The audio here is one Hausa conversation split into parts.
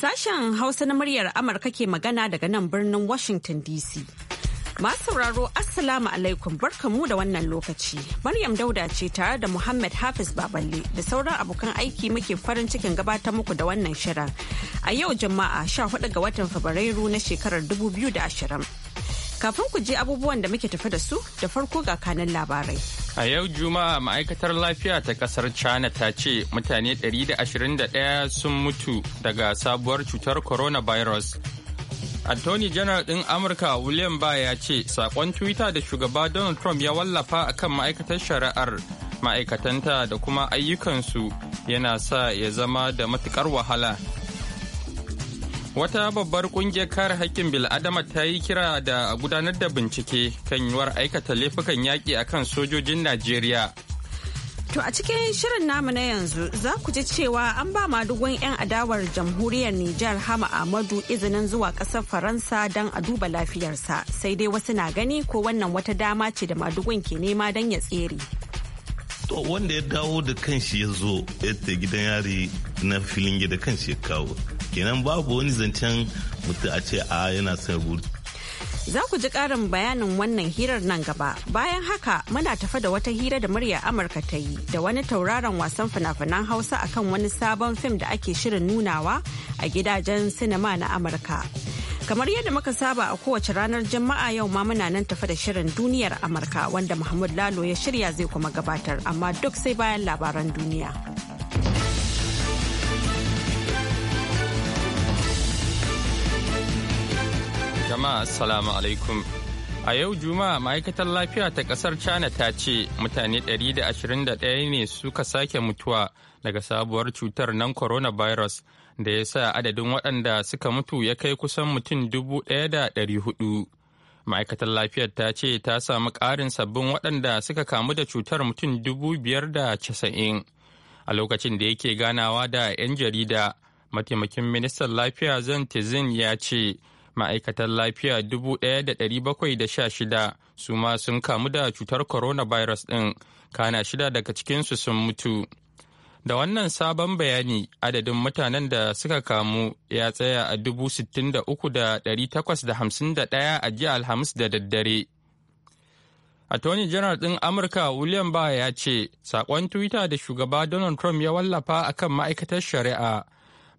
Sashen Hausa na muryar Amurka ke magana daga nan birnin Washington DC. Masu sauraro Assalamu alaikum mu, da wannan lokaci. Maryam Dauda ce tare da Muhammad Hafiz Baballe da sauran abokan aiki muke farin cikin gabatar muku da wannan shirin. A yau Juma'a 14 ga watan Fabrairu na shekarar 2020. Kafin ku je abubuwan da muke tafi da su da farko ga kanan labarai. A yau Juma'a ma'aikatar lafiya ta kasar China ta ce mutane 121 sun mutu daga sabuwar cutar coronavirus. Anthony General din Amurka William Ba ya ce saƙon Twitter da shugaba Donald Trump ya wallafa a kan ma'aikatar shari'ar ma'aikatanta da kuma ayyukansu yana sa ya zama da matukar wahala Wata babbar kungiyar kare haƙƙin bil'adama ta yi kira da gudanar da bincike kan yiwuwar aikata laifukan yaƙi a kan sojojin Najeriya. To a cikin shirin namu na yanzu za ku ji cewa an ba madugun 'yan adawar jamhuriyar Nijar Hama Ahmadu izinin zuwa ƙasar Faransa don a duba lafiyarsa sai dai wasu na gani ko wannan wata dama ce da madugun ke nema don ya tsere. To wanda ya dawo da kanshi ya zo ya gidan yari na filin da kanshi ya kawo. kenan babu wani zancen mutum a ce a ah, yana son ruri Za ku ji ƙarin bayanin wannan hirar nan gaba. Bayan haka muna tafa da wata hira da murya Amurka ta yi da wani tauraron wasan fina-finan Hausa akan wani sabon fim da ake shirin nunawa a gidajen sinima na Amurka. Kamar yadda muka saba a kowace ranar Juma'a yau ma muna nan tafa da shirin duniyar Amurka wanda Muhammad Lalo ya shirya zai kuma gabatar amma duk sai bayan labaran duniya. Jama'a Assalamu alaikum. A yau Juma'a ma'aikatar lafiya ta kasar China ta ce mutane 121 ne suka sake mutuwa daga sabuwar cutar nan coronavirus da ya sa adadin waɗanda suka mutu ya kai kusan mutum 1,400. Ma'aikatar lafiyar ta ce ta samu ƙarin sabbin waɗanda suka kamu da cutar mutum casa'in a lokacin da yake ganawa da 'yan jarida. Mataimakin ministan lafiya zan tezin ya ce ma'aikatan lafiya 1,716 su ma sun kamu da cutar coronavirus ɗin kana shida daga cikinsu sun mutu da wannan sabon bayani adadin mutanen da suka kamu ya tsaya a 63,851 a jiya alhamis da daddare attorney general ɗin amurka william barr ya ce saƙon twitter da shugaba donald trump ya wallafa akan ma'aikatar shari'a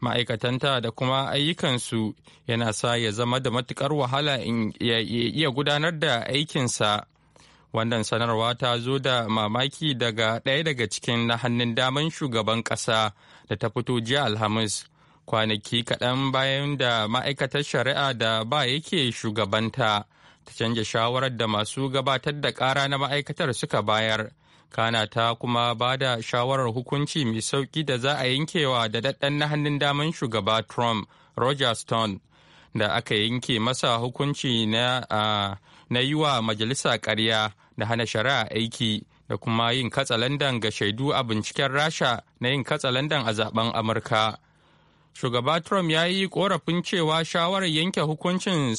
ma'aikatanta da kuma ayyukansu yana sa ya zama da matukar wahala ya iya gudanar da aikinsa. Wannan sanarwa ta zo da mamaki daga ɗaya daga cikin na hannun daman shugaban ƙasa da ta fito jiya Alhamis kwanaki kaɗan bayan da ma'aikatar shari'a da ba yake shugabanta ta canja shawarar da masu gabatar da ƙara na ma'aikatar suka bayar kana ta kuma ba da shawarar hukunci mai sauki da za a yankewa da daɗɗan na hannun daman shugaba trump roger stone da aka yanke masa hukunci na, na yi wa majalisa ƙarya da hana shari'a aiki da kuma yin katsalandan ga shaidu a binciken rasha na yin katsalandan a zaben amurka shugaba trump ya yi korafin cewa shawarar yanke hukuncin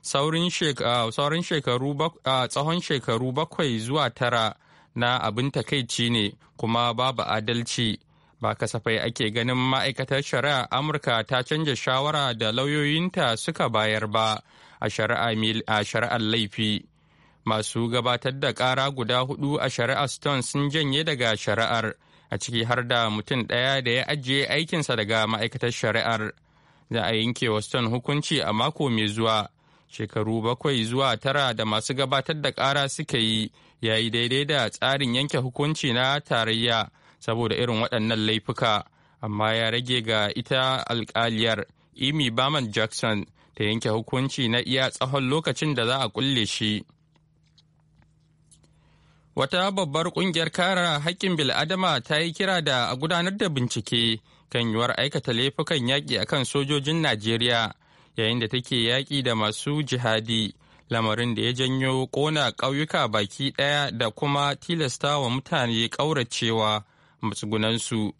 saurin shekaru tsawon shekaru bakwai zuwa tara na abin takaici ne kuma babu adalci ba kasafai ake ganin ma'aikatar shari'a amurka ta canja shawara da lauyoyinta suka bayar ba a shari'ar laifi masu gabatar da ƙara guda hudu a shari'ar stone sun janye daga shari'ar a ciki har da mutum ɗaya da ya ajiye aikinsa daga ma'aikatar shari'ar za a yanke wa stone hukunci a mako mai zuwa shekaru bakwai zuwa tara da masu gabatar da ƙara suka yi ya yi daidai da tsarin yanke hukunci na tarayya saboda irin waɗannan laifuka amma ya rage ga ita alkaliyar imi baman jackson ta yanke hukunci na iya tsawon lokacin da za a kulle shi wata babbar kungiyar kara haƙƙin bil'adama ta yi kira da a gudanar da bincike kan yiwuwar aikata laifukan yaƙi akan sojojin najeriya yayin da take yaƙi da masu jihadi lamarin da ya janyo kona ƙauyuka baki ɗaya da kuma tilasta wa mutane ƙauracewa matsugunansu.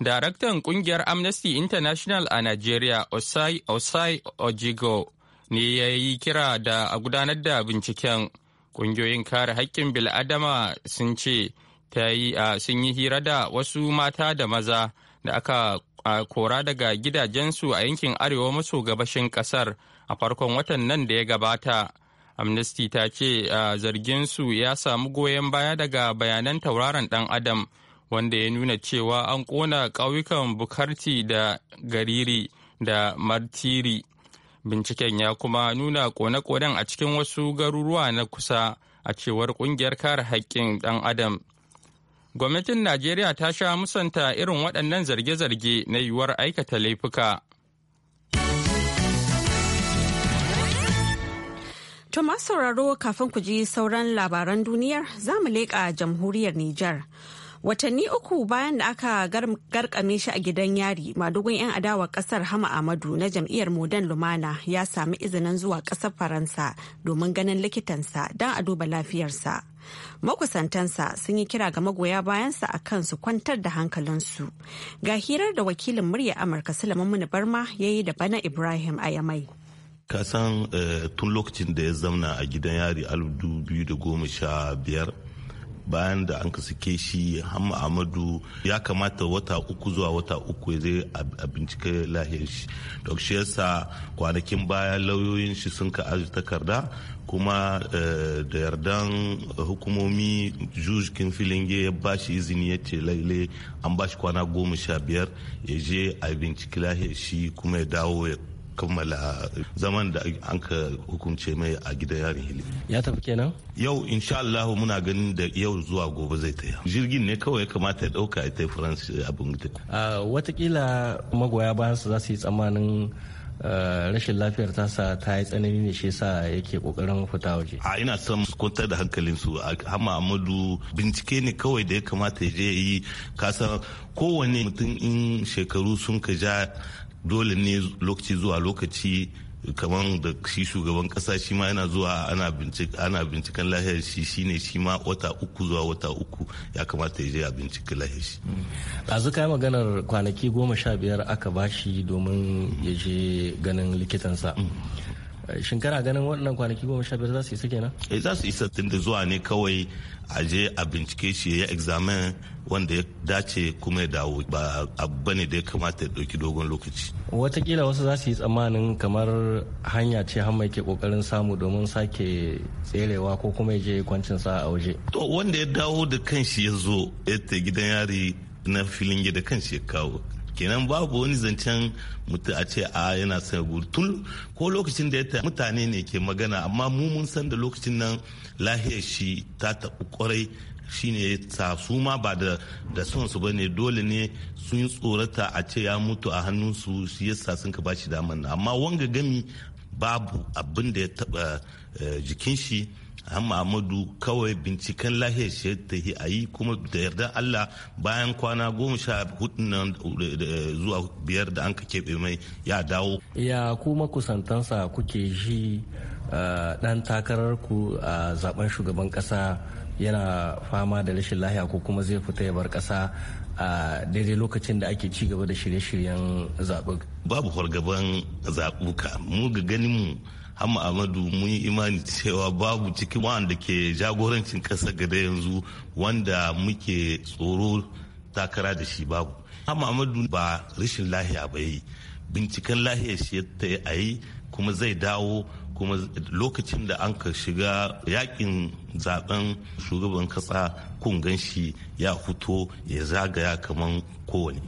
Daraktan ƙungiyar Amnesty International a Najeriya, Osai Osai Ojigo, ne ya yi kira da a gudanar da binciken. Ƙungiyoyin kare haƙƙin bil'adama sun ce, ta yi a sun yi hira da wasu mata da maza da aka a kora daga gidajensu a yankin arewa maso gabashin kasar a farkon watan nan da ya gabata amnesty ta ce a zarginsu ya samu goyon baya daga bayanan tauraron dan adam wanda ya nuna cewa an kona ƙauyukan bukarti da gariri da martiri binciken ya kuma nuna kone-konen a cikin wasu garuruwa na kusa a cewar kungiyar kare haƙƙin dan adam Gwamnatin Najeriya ta sha musanta irin waɗannan zarge-zarge na yiwuwar aikata laifuka. To masu sauraro kafin ku ji sauran labaran duniyar za mu leƙa jamhuriyar Nijar. watanni uku bayan da aka garkame shi a gidan yari madugun 'yan adawar kasar hama amadu na jam'iyyar modern lumana ya sami izinin zuwa kasar faransa domin ganin likitansa don a duba lafiyarsa makusantansa sun yi kira ga magoya bayansa a kan su kwantar da hankalinsu ga hirar da wakilin murya amurka sulaiman barma ya yi da bana ibrahim a yamai kasan eh, tun lokacin da ya zamna a gidan yari 2015 bayan da an sake shi hamma amadu ya kamata wata uku zuwa wata uku ya zai a bincike lahiyar shi da shi yasa kwanakin baya lauyoyin shi sun ka aji takarda kuma eh, da yardan hukumomi jujkin filinge ya ba shi izini ya ce laile an ba shi kwana goma sha biyar ya je a bincike lahiyar shi kuma ya dawo ya kammala zaman da an ka hukunce mai a gidan yarin hili. Ya tafi kenan? Yau insha Allah muna ganin da yau zuwa gobe zai taya. Jirgin ne kawai ya kamata ya dauka ya tafi France abin da. Ah, watakila magoya bayan su za su yi tsammanin ah, rashin lafiyar tasa ta yi tsanani ne shi sa yake kokarin fita waje. A ina son kwantar da hankalin su hama Amadu bincike ne kawai da ya kamata ya je yi kasa kowane mutum in shekaru sun ka ja dole ne lokaci zuwa lokaci kamar da shi shugaban kasa shi ma yana zuwa ana binciken lahiyar shi shine shi ma wata uku zuwa wata uku ya kamata ya je a binciki lahiyar shi a ɗazu yi maganar kwanaki goma sha biyar aka bashi domin ya je ganin likitansa mm. shin ganin waɗannan kwanaki goma sha biyar za su isa kenan e za su isa tun zuwa ne kawai a je a bincike shi ya examen wanda ya dace kuma ya dawo ba abu bane da ya kamata ya ɗauki dogon lokaci watakila wasu za su yi tsammanin kamar hanya ce hamma ke kokarin samu domin sake tserewa ko kuma ya je kwancin sa a waje to wanda ya dawo da kanshi ya zo ya ta gidan yari na filin da kanshi ya kawo kenan babu wani zancen mutu a ce a yana sa tun ko lokacin da ya ta. mutane ne ke magana amma mu mun san da lokacin nan lahiyar shi ta taɓu kwarai shine sa su ma ba da da son su bane dole ne sun yi tsorata a ce ya mutu a hannunsu shi yasa sun ka bashi daman amma wanga gami babu abin da ya taɓa eh, jikin shi an Muhammadu kawai binciken lahiyar shi ta yi a yi kuma da yarda Allah bayan kwana goma sha hudu nan zuwa biyar da an ka keɓe mai ya dawo. Ya kuma kusantansa kuke shi ɗan takarar ku a zaben shugaban ƙasa yana fama da rashin lahiya ko kuma zai fita ya bar ƙasa a daidai lokacin da ake ci gaba da shirye-shiryen zaɓen. Babu fargaban zaɓuka mu ga ganin mu hamma amadu mun yi imani cewa babu cikin wanda ke jagorancin kasa gada yanzu wanda muke tsoro takara da shi babu hamma amadu ba rashin lahiya ba yi binciken lahiya shi ta a yi kuma zai dawo kuma lokacin da an ka shiga yakin zaben shugaban kasa kun shi ya fito ya zagaya kamar kowane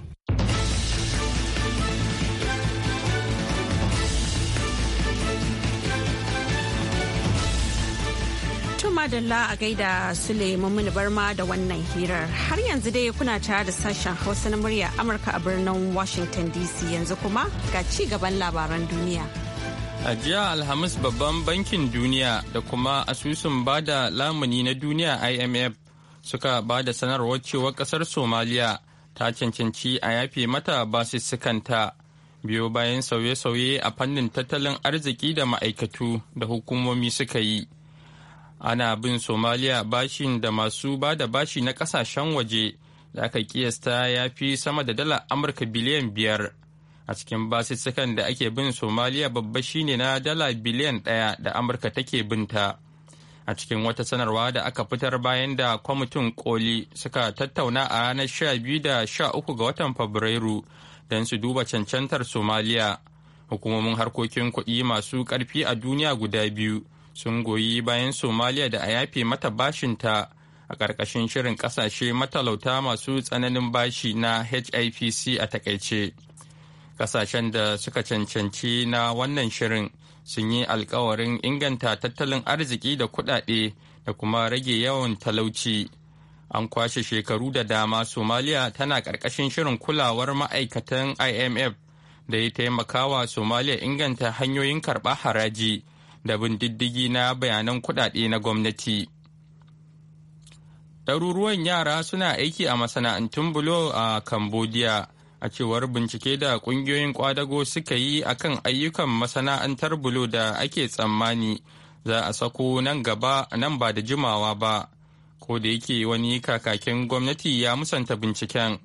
madalla a gaida Sule Mummuni Barma da wannan hirar. Har yanzu dai kuna tare da sashen Hausa na murya Amurka a birnin Washington DC yanzu kuma ga ci gaban labaran duniya. A jiya Alhamis babban bankin duniya da kuma asusun bada lamuni na duniya IMF suka ba da sanarwar cewa kasar Somaliya ta cancanci a yafe mata basussukanta biyo bayan sauye-sauye a fannin tattalin arziki da ma'aikatu da hukumomi suka yi. ana bin somaliya bashin da masu ba da bashi na kasashen waje da aka kiyasta ya fi sama da dala amurka biliyan biyar a cikin basussukan da ake bin somaliya babba shine na dala biliyan ɗaya da amurka take binta a cikin wata sanarwa da aka fitar bayan da kwamitin koli suka tattauna a ranar sha biyu da sha uku ga watan fabrairu don su duba cancantar somaliya hukumomin harkokin kuɗi masu ƙarfi a duniya guda biyu sun goyi bayan somaliya da a yafe mata bashinta a ƙarƙashin shirin ƙasashe matalauta masu tsananin bashi na hipc a takaice ƙasashen da suka cancanci na wannan shirin sun yi alkawarin inganta tattalin arziki da kuɗaɗe da kuma rage yawan talauci an kwashe shekaru da dama somaliya tana ƙarƙashin shirin kulawar ma'aikatan imf da ya taimakawa somaliya inganta hanyoyin karɓar haraji da bin diddigi na bayanan kuɗaɗe na gwamnati. Ɗaruruwan yara suna aiki a masana'antun bulo a Cambodia, a cewar bincike da ƙungiyoyin ƙwadago suka yi akan ayyukan masana'antar bulo da ake tsammani za a sako nan gaba nan ba da jimawa ba, ko da yake wani kakakin gwamnati ya musanta binciken.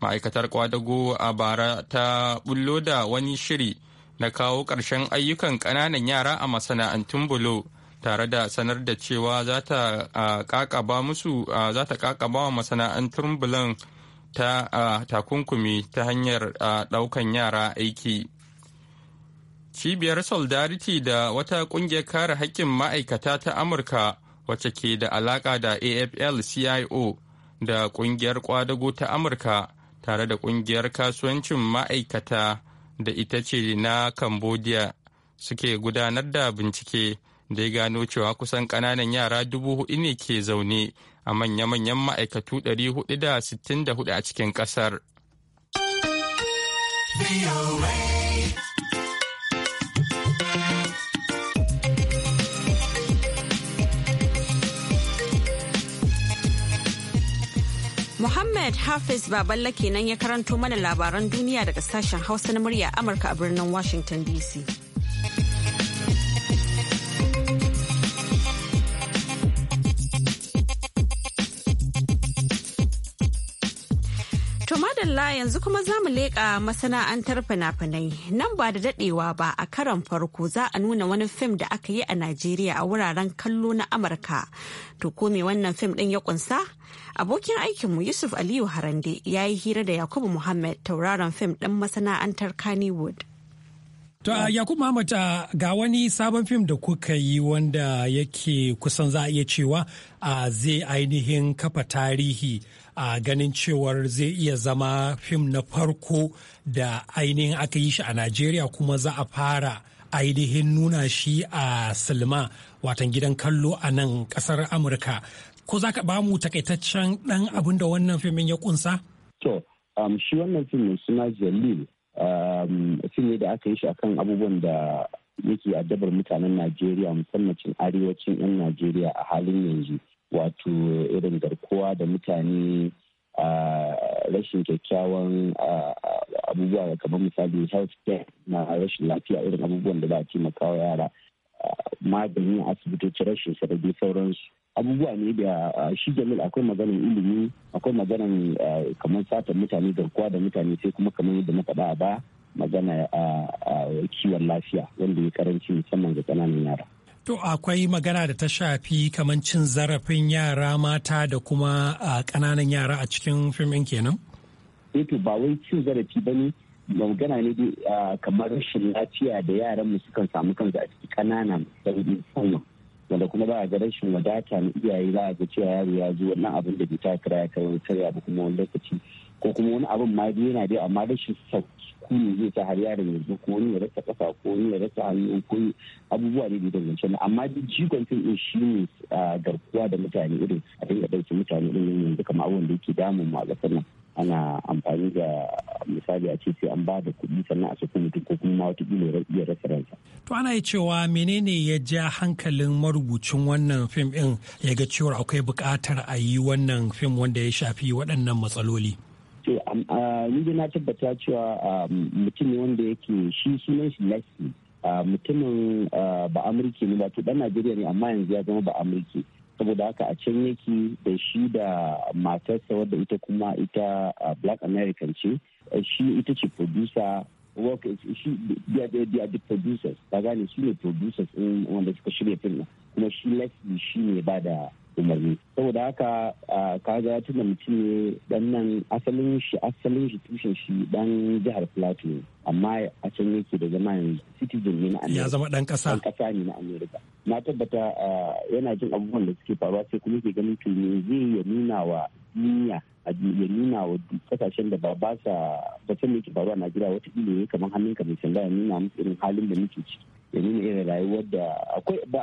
Ma'aikatar ƙwadago a bara ta bullo da wani shiri. na kawo ƙarshen ayyukan ƙananan yara a masana'antun bulo tare da sanar da cewa za ta ƙaƙaba ba wa masana'antun bulon ta takunkumi ta hanyar ɗaukan yara aiki. Cibiyar Solidarity da wata ƙungiyar kare haƙƙin ma'aikata ta Amurka wacce ke da alaƙa da AFL-CIO da ƙungiyar ƙwadago ta Amurka tare da ƙungiyar kasuwancin ma'aikata da ita ce na cambodia suke gudanar da bincike da ya gano cewa kusan ƙananan yara dubu hudu ne ke zaune a manya-manyan ma'aikatu hudu da da sittin hudu a cikin ƙasar. Muhammad Hafiz Baballa kenan ya karanto mana labaran duniya daga sashen Hausa na murya Amurka a birnin Washington DC. madalla yanzu kuma za mu leƙa masana'antar fina-finai nan ba da daɗewa ba a karon farko za a nuna wani fim da aka yi a najeriya a wuraren kallo na amurka to ko me wannan fim ɗin ya kunsa abokin aikinmu yusuf aliyu harande ya yi hira da yakubu muhammad tauraron fim ɗin masana'antar kannywood To Yakubu Muhammad ga wani sabon fim da kuka yi wanda yake kusan za a iya cewa zai ainihin kafa tarihi a ganin cewar zai iya zama fim na farko da ainihin aka yi shi a Najeriya kuma za a fara ainihin nuna shi a silma watan gidan kallo a nan kasar Amurka. Ko za ka bamu takaitaccen ɗan abin da wannan filmin ya kunsa? To, um, shi wannan fim suna Jalil um, fim ne da aka yi shi akan abubuwan da yake addabar mutanen Najeriya musamman cin arewacin 'yan Najeriya a halin yanzu. wato irin garkuwa da mutane a rashin kyakkyawan abubuwa kamar misali health care na rashin lafiya irin abubuwan da za a taimakawa yara magani asibitoci rashin sarari sauransu abubuwa ne da shi jamil akwai maganin ilimi akwai maganan kamar satan mutane garkuwa da mutane sai kuma kamar yadda na faɗa ba magana a kiwon lafiya wanda ya karanci musamman ga ƙananan yara To akwai magana da ta shafi kamar cin zarafin yara mata da kuma kananan yara a cikin fim ɗin kenan? Eto eh ba wai cin zarafi ba ne magana ne kamar rashin lafiya da yaran mu sukan samu kansu a ciki ƙanana musamman wanda kuma ba a ga rashin wadata na iyaye za a ga cewa yaro ya zo wannan abin da bai takara ya kai wani karya ba kuma wani lokaci ko kuma wani abin ma yana dai amma rashin sauki ne zai sa har yaron ya zo ko wani ya rasa kafa hannu ya rasa hannu ko abubuwa ne da danganci na amma duk jikon fim in shi ne garkuwa da mutane irin a dinga ɗauki mutane irin yanzu kama abubuwan da yake damun mu a ƙasar nan ana amfani da misali a ce sai an ba da kuɗi sannan a saku mutum ko kuma wata ya iya rasa ransa. To ana yi cewa menene ya ja hankalin marubucin wannan fim ɗin ya ga cewa akwai buƙatar a yi wannan fim wanda ya shafi waɗannan matsaloli. to um, uh, ni na tabbata cewa um, mutum ne wanda yake shi sunan shi laki uh, mutumin uh, ba amurki ne wato dan najeriya ne amma yanzu ya zama ba amurki saboda haka a can yake da shi da matarsa wadda ita kuma ita black american ce shi ita ce producer work shi they are the producers ba gane su ne producers wanda suka shirya film kuma shi leslie shi ne ba da umarni saboda haka ka ya tuna mutum ne dan nan asalin shi asalin shi tushen shi dan jihar plateau amma a can yake da zama yanzu citizen ne na america ya zama dan kasa dan kasa ne na na tabbata yana jin abubuwan da suke faruwa sai kuma ke ganin to zai ya nuna wa duniya a ya nuna wa kasashen da ba ba sa ba san yake faruwa a najeriya wata ne kamar hannun ka mai sanda ya nuna musu irin halin da muke ciki ya nuna irin rayuwar da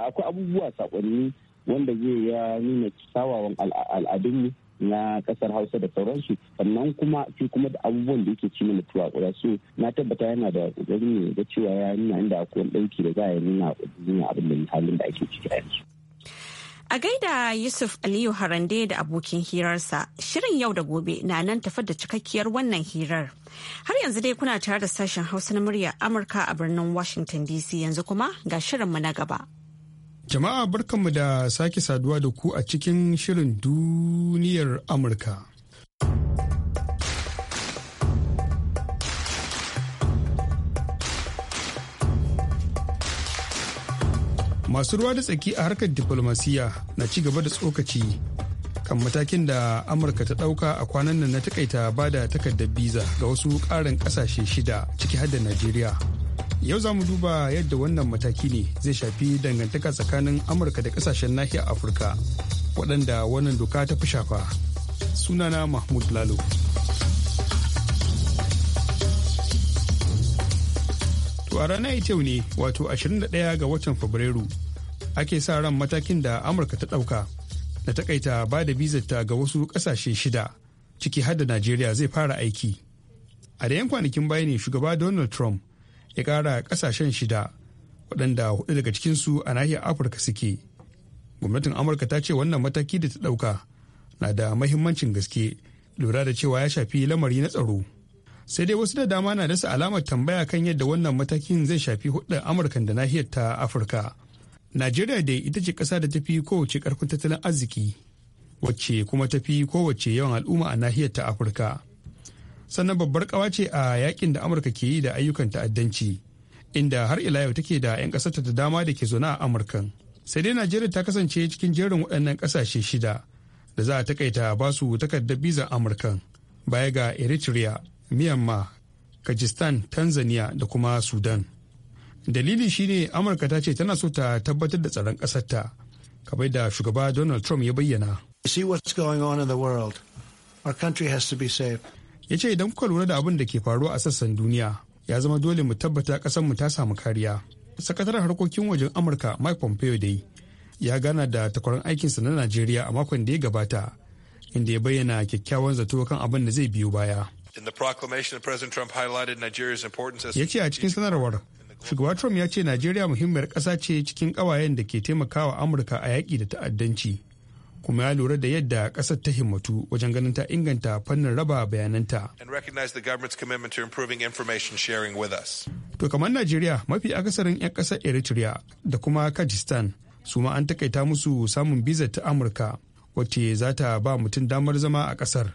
akwai abubuwa sakonni wanda zai ya nuna kyawawan al'adunmu na kasar hausa da sauransu sannan kuma shi kuma da abubuwan da yake mana mutuwa kura so na tabbata yana da kokari ne da cewa ya nuna inda akwai ɗauki da za a nuna nuna abin da halin da ake ciki a yanzu. A gaida Yusuf Aliyu Harande da abokin hirarsa, shirin yau da gobe na nan tafar da cikakkiyar wannan hirar. Har yanzu dai kuna tare da sashen Hausa na murya Amurka a birnin Washington DC yanzu kuma ga shirin mu na gaba. Jama'a barkanmu da sake saduwa da ku a cikin shirin duniyar Amurka. Masu ruwa da tsaki a harkar diplomasiya na ci gaba da tsokaci kan matakin da Amurka ta ɗauka a kwanan nan na takaita bada da takardar biza ga wasu ƙarin ƙasashe shida ciki har da Najeriya. Yau za mu duba yadda wannan mataki ne zai shafi dangantaka tsakanin Amurka da kasashen nahiyar Afirka waɗanda wannan doka ta fi shafa. Sunana Mahmud Lalo. To a ranar ita ne wato 21 ga watan Fabrairu ake sa ran matakin da Amurka ta ɗauka na takaita ba da bizarta ga wasu ƙasashe shida ciki har da Najeriya zai fara aiki. A da 'yan kwanakin baya ne shugaba Donald Trump ya kara ƙasashen shida waɗanda hudu daga cikinsu a nahiyar afirka suke gwamnatin amurka ta ce wannan mataki da ta ɗauka na da mahimmancin gaske lura da cewa ya shafi lamari na tsaro sai dai wasu da dama na dasa alamar tambaya kan yadda wannan matakin zai shafi hudu amurkan da nahiyar ta afirka najeriya da ita ce ƙasa da ta fi kowace ƙarfin tattalin arziki wacce kuma tafi kowace yawan al'umma a nahiyar ta afirka sannan babbar kawa ce a yakin da amurka ke yi da ayyukan ta'addanci inda har ila yau take da 'yan ƙasarta da dama da ke zaune a amurkan sai dai najeriya ta kasance cikin jerin waɗannan ƙasashe shida da za a takaita ba su takardar bizar amurkan baya ga eritrea myanmar kajistan tanzania da kuma sudan dalili shine amurka ta ce tana so ta tabbatar da tsaron ƙasarta kamar da shugaba donald trump ya bayyana see the world our country has to be safe ya ce idan kuka lura da abin da ke faruwa a sassan duniya ya zama dole mu tabbata mu ta samu kariya sakataren harkokin wajen amurka mike pompeo dai ya gana da takwaran aikinsa na najeriya a makon da ya gabata inda ya bayyana kyakkyawan zato kan abin da zai biyo baya ya ce a cikin sanarwar shugaba trump ya ce najeriya muhimmiyar ƙasa ce cikin ƙawayen da ke taimakawa amurka a yaƙi da ta'addanci kuma ya lura da yadda ƙasar ta himmatu wajen ganin ta inganta fannin raba bayananta. To kamar Najeriya mafi akasarin 'yan ƙasar Eritrea da kuma Kajistan su ma an takaita musu samun biza ta Amurka wacce za ta ba mutum damar zama a ƙasar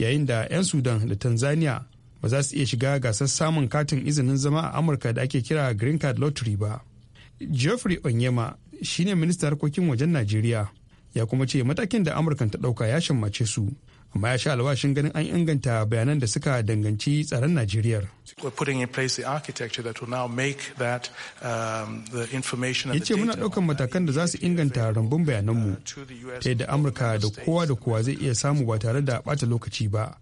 yayin da 'yan Sudan da Tanzania ba za su iya shiga gasar samun katin izinin zama a Amurka da ake kira Green Card Lottery ba. Geoffrey Onyema shine ministan harkokin wajen Najeriya. ya kuma ce matakin da amurkan ta ɗauka ya shammace su amma ya sha alwashin ganin an inganta bayanan da suka danganci tsaron Najeriya. Um, ya ce muna ɗaukan matakan da za su inganta rambun bayananmu uh, ta da Amurka da kowa da kowa zai iya samu ba tare da bata lokaci ba.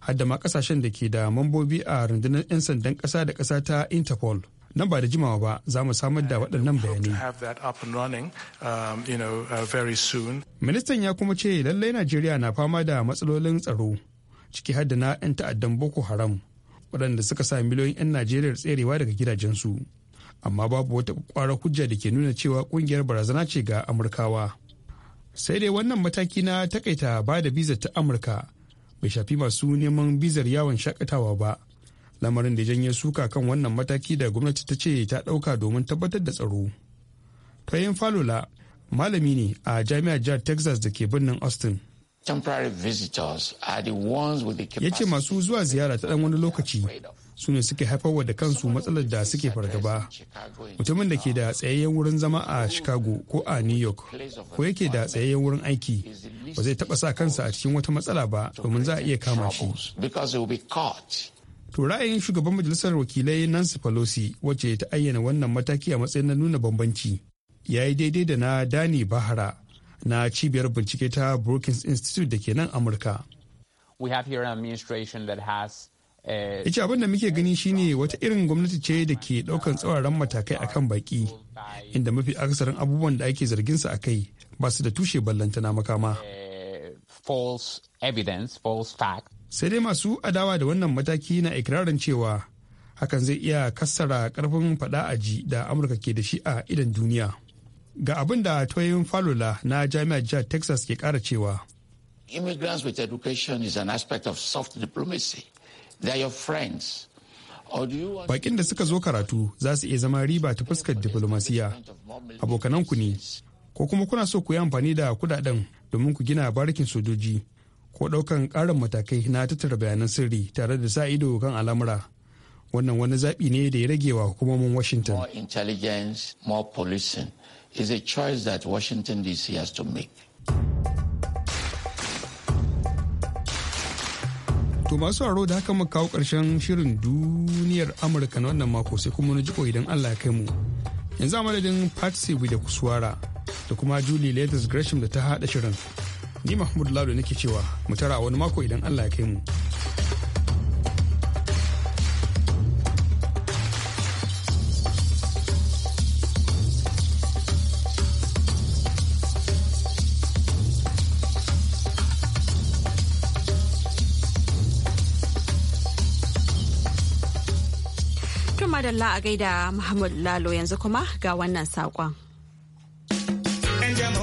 Hadda ma ƙasashen da ke da mambobi a rundunar 'yan sandan ƙasa da kasa ta Interpol. nan ba da jimawa ba za mu samar da waɗannan bayanai. Um, uh, Ministan ya kuma ce lallai Najeriya na fama da matsalolin tsaro ciki har da na 'yan ta'addan Boko Haram waɗanda suka sa miliyoyin 'yan Najeriya tserewa daga gidajensu. Amma babu wata ƙwarar hujja da ke nuna cewa ƙungiyar barazana ce ga Amurkawa. Sai dai wannan mataki na takaita ba da bizar ta Amurka bai shafi masu neman bizar yawon shakatawa ba. lamarin da janye suka kan wannan mataki da gwamnati ta ce ta dauka domin tabbatar da tsaro. Tayin Falola malami ne a jami'ar jihar Texas da ke birnin Austin. Ya ce masu zuwa ziyara ta dan wani lokaci su ne suke haifarwa da kansu matsalar da suke fargaba. Mutumin da ke da tsayayyen wurin zama a Chicago ko a New York ko yake da tsayayyen wurin aiki ba zai taɓa sa kansa a cikin wata matsala ba domin za a iya kama shi. To ra'ayin shugaban majalisar wakilai Nancy Pelosi wacce ta ayyana wannan mataki a matsayin na nuna bambanci ya yi daidai da na Dani Bahara na cibiyar bincike ta Brookings Institute da ke nan Amurka. Ice uh, abin da muke gani shine wata irin gwamnati ce da ke daukan tsauraran matakai akan baki inda mafi akasarin abubuwan da ake zargin su akai ba su da tushe ballantana makama. Uh, false evidence, false fact. sai dai masu adawa da wannan mataki na ikirarin cewa hakan zai iya kassara karfin fada ji da amurka ke da shi a idan duniya ga abin da toyin falola na jami'ar jihar texas ke kara cewa immigrants with education is an aspect of soft diplomacy they are your friends Bakin da suka zo karatu za su iya zama riba ta fuskar diplomasiya abokananku ne ko kuma kuna so ku yi amfani da kudaden domin ku gina barikin sojoji ko daukan ƙarin matakai na tattara bayanan sirri tare da sa ido kan al'amura wannan wani zaɓi ne da ya rage wa hukumomin washington more is a choice that washington dc has to make To masu aro da haka muka kawo ƙarshen shirin duniyar Amurka na wannan mako sai kuma na jiko idan Allah ya kai mu. Yanzu a madadin Patsy da Kuswara da kuma Julie Latest Gresham da ta haɗa shirin. ni mahmud lado nake cewa mu tara wani mako idan allah ya kai mu madalla a gaida Muhammad Lalo yanzu kuma ga wannan saƙon.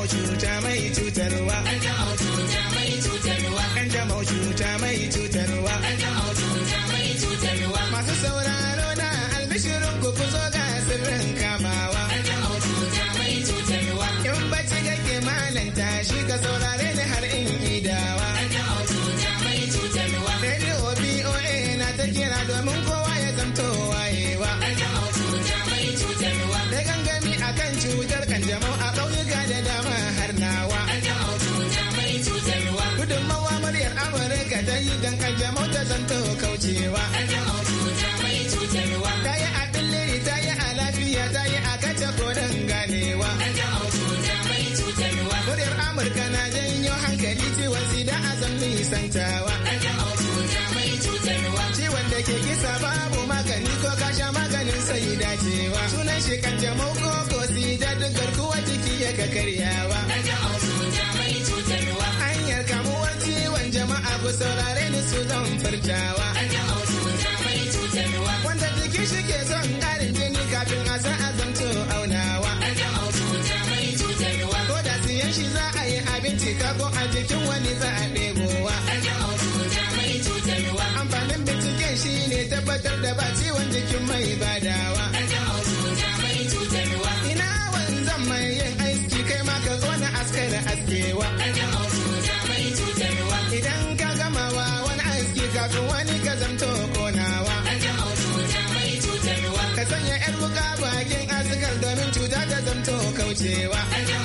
Kanjamau cuta mai cutarwa. Kanjamau cuta mai cutarwa. Kanjamau cuta mai cutarwa. hutawa ciwon da ke kisa babu magani ko kasha maganin sai dacewa sunan shi kan ko ko sida duk garkuwa jiki ya ka karyawa hanyar kamuwar ciwon jama'a ku saurare ni su zan furtawa wanda jiki shi ke son karin jini kafin a sa'a abinci kago a jikin wani za a ɗebowa. Amfanin binciken shi ne tabbatar da ba ciwon jikin mai badawa. Ina wanzan mai yin aiki kai ma ka zo na aske da askewa. Idan ka gamawa wani aski kafin wani ka zamto konawa. Ka sanya 'yar wuka bakin asikar domin cuta ta zamto kaucewa.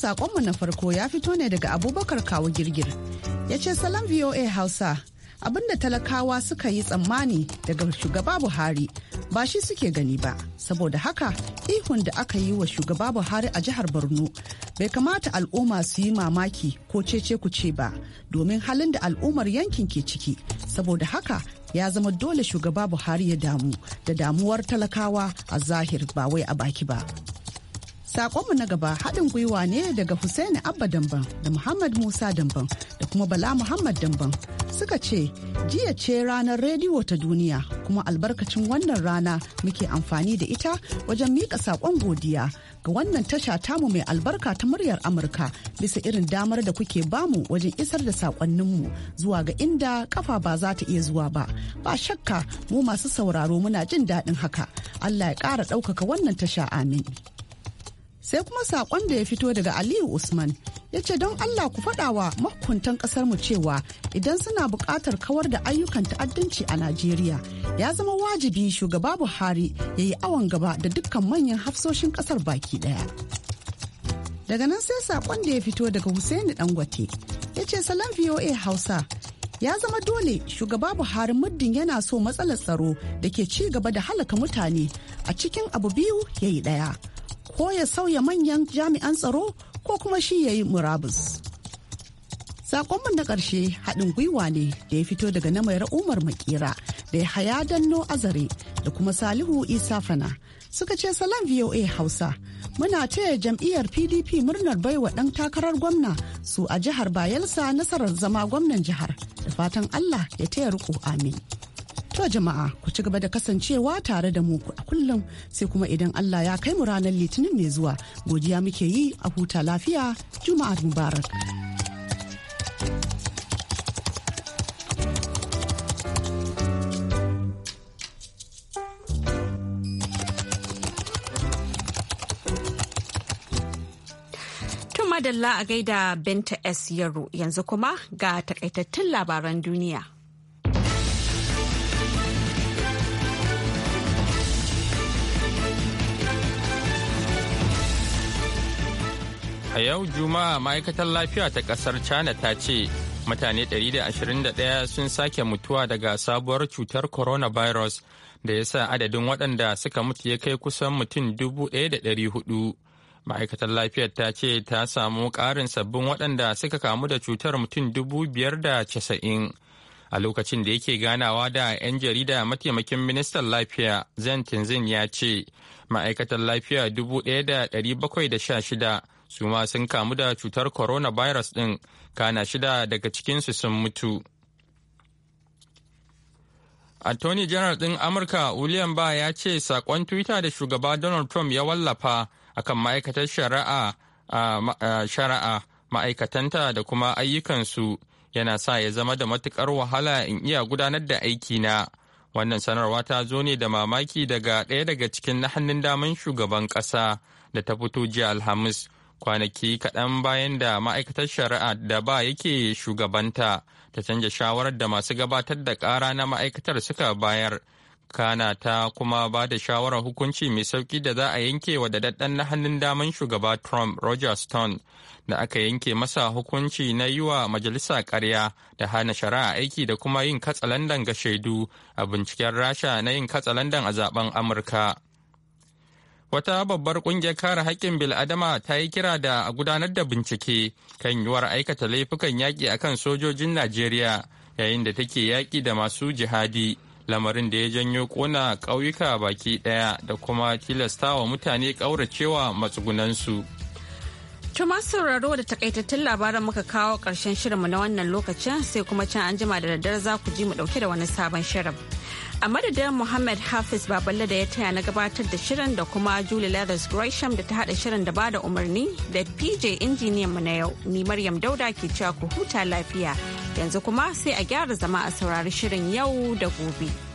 saƙonmu na farko ya fito ne daga abubakar kawo girgir ya ce salam voa hausa abinda talakawa suka yi tsammani daga shugaba buhari ba shi suke gani ba saboda haka ihun da aka yi wa shugaba buhari a jihar borno bai kamata al'umma su yi mamaki ko cece ce ba domin halin da al'ummar yankin ke ciki saboda haka ya zama dole shugaba buhari ya damu da damuwar talakawa a zahir ba wai a baki ba Sakonmu na gaba haɗin gwiwa ne daga Hussaini Abba Damban da Muhammad Musa Damban da kuma Bala Muhammad Damban suka ce jiya ce ranar rediyo ta duniya kuma albarkacin wannan rana muke amfani da ita wajen miƙa saƙon godiya ga wannan tasha tamu mai albarka ta muryar Amurka bisa irin damar da kuke bamu wajen isar da saƙonninmu zuwa ga inda kafa ba za ta iya zuwa ba. Ba shakka mu masu sauraro muna jin daɗin haka. Allah ya ƙara ɗaukaka wannan tasha amin. sai kuma sakon da ya fito daga aliyu usman ya ce don allah ku faɗa wa mahukuntan mu cewa idan suna buƙatar kawar da ayyukan ta'addanci a najeriya ya zama wajibi shugaba buhari ya yi awon gaba da dukkan manyan hafsoshin ƙasar baki ɗaya daga nan sai sakon da ya fito daga husaini dangote ya ce Salon voa hausa ya zama dole shugaba buhari muddin yana so matsalar tsaro da ke ci gaba da halaka mutane a cikin abu biyu ya yi ɗaya ko ya sauya manyan jami'an tsaro ko kuma shi ya yi murabus. Sakonmu na ƙarshe haɗin gwiwa ne da ya fito daga na mayar Umar makira da ya haya danno azare da kuma Salihu Isa Fana suka ce salam VOA Hausa. Muna taya jam'iyyar PDP murnar baiwa ɗan takarar gwamna su a jihar Bayelsa nasarar zama gwamnan jihar da fatan Allah ya taya riko amin. To jama'a ku ci gaba da kasancewa tare da mu a kullum sai kuma idan Allah ya kai mu ranar litinin mai zuwa godiya muke yi a huta lafiya juma'a mubarak. Madalla a gaida Binta S. Yaro yanzu kuma ga takaitattun labaran duniya. A yau Juma'a ma'aikatar lafiya ta ƙasar China ta ce mutane 121 sun sake mutuwa daga sabuwar cutar coronavirus da ya sa adadin waɗanda suka mutu ya kai kusan mutum 1,400. Ma'aikatar lafiyar ta ce ta samu ƙarin sabbin waɗanda suka kamu da cutar mutum casa'in. A lokacin da yake ganawa da 'yan jarida mataimakin ministan lafiya Zen Tinzin ya ce, ma'aikatar lafiya 1,716 su ma sun kamu da cutar coronavirus ɗin kana shida daga cikinsu sun mutu. Attorney General ɗin Amurka William ba ya ce saƙon Twitter da shugaba Donald Trump ya wallafa akan ma'aikatar shari'a shari'a ma'aikatanta da kuma ayyukansu yana sa ya zama da matukar wahala in iya gudanar da aikina. Wannan sanarwa ta zo ne da mamaki daga ɗaya daga cikin na hannun daman shugaban ƙasa da ta fito jiya Alhamis kwanaki kaɗan bayan da ma'aikatar shari'a da ba yake shugabanta ta canja shawarar da masu gabatar da ƙara na ma'aikatar suka bayar kana ta kuma ba da shawarar hukunci mai sauƙi da za a yanke wa daɗaɗɗen na hannun daman shugaba trump roger stone da aka yanke masa hukunci na yi wa majalisa karya da hana shari'a aiki da kuma yin katsalandan ga shaidu a binciken rasha na yin katsalandan a zaben amurka. wata babbar kungiyar kare haƙƙin bil'adama ta yi kira da a gudanar da bincike kan yiwuwar aikata laifukan yaƙi a kan sojojin najeriya yayin da take yaƙi da masu jihadi lamarin da ya janyo kona ƙauyuka baki ɗaya da kuma tilastawa mutane ƙauracewa matsugunansu Tuma sauraro da takaitattun labaran muka kawo ƙarshen shirinmu na wannan lokacin sai kuma can an jima da daddare za ku ji mu ɗauke da wani sabon shirin. a madadin muhammad hafiz baballe da ya taya na gabatar da shirin da kuma julie leathers gresham da ta haɗa shirin da bada umarni da pj injiniyan mu na yau ni maryam dauda ke cewa ku huta lafiya yanzu kuma sai a gyara zama a saurari shirin yau da gobe.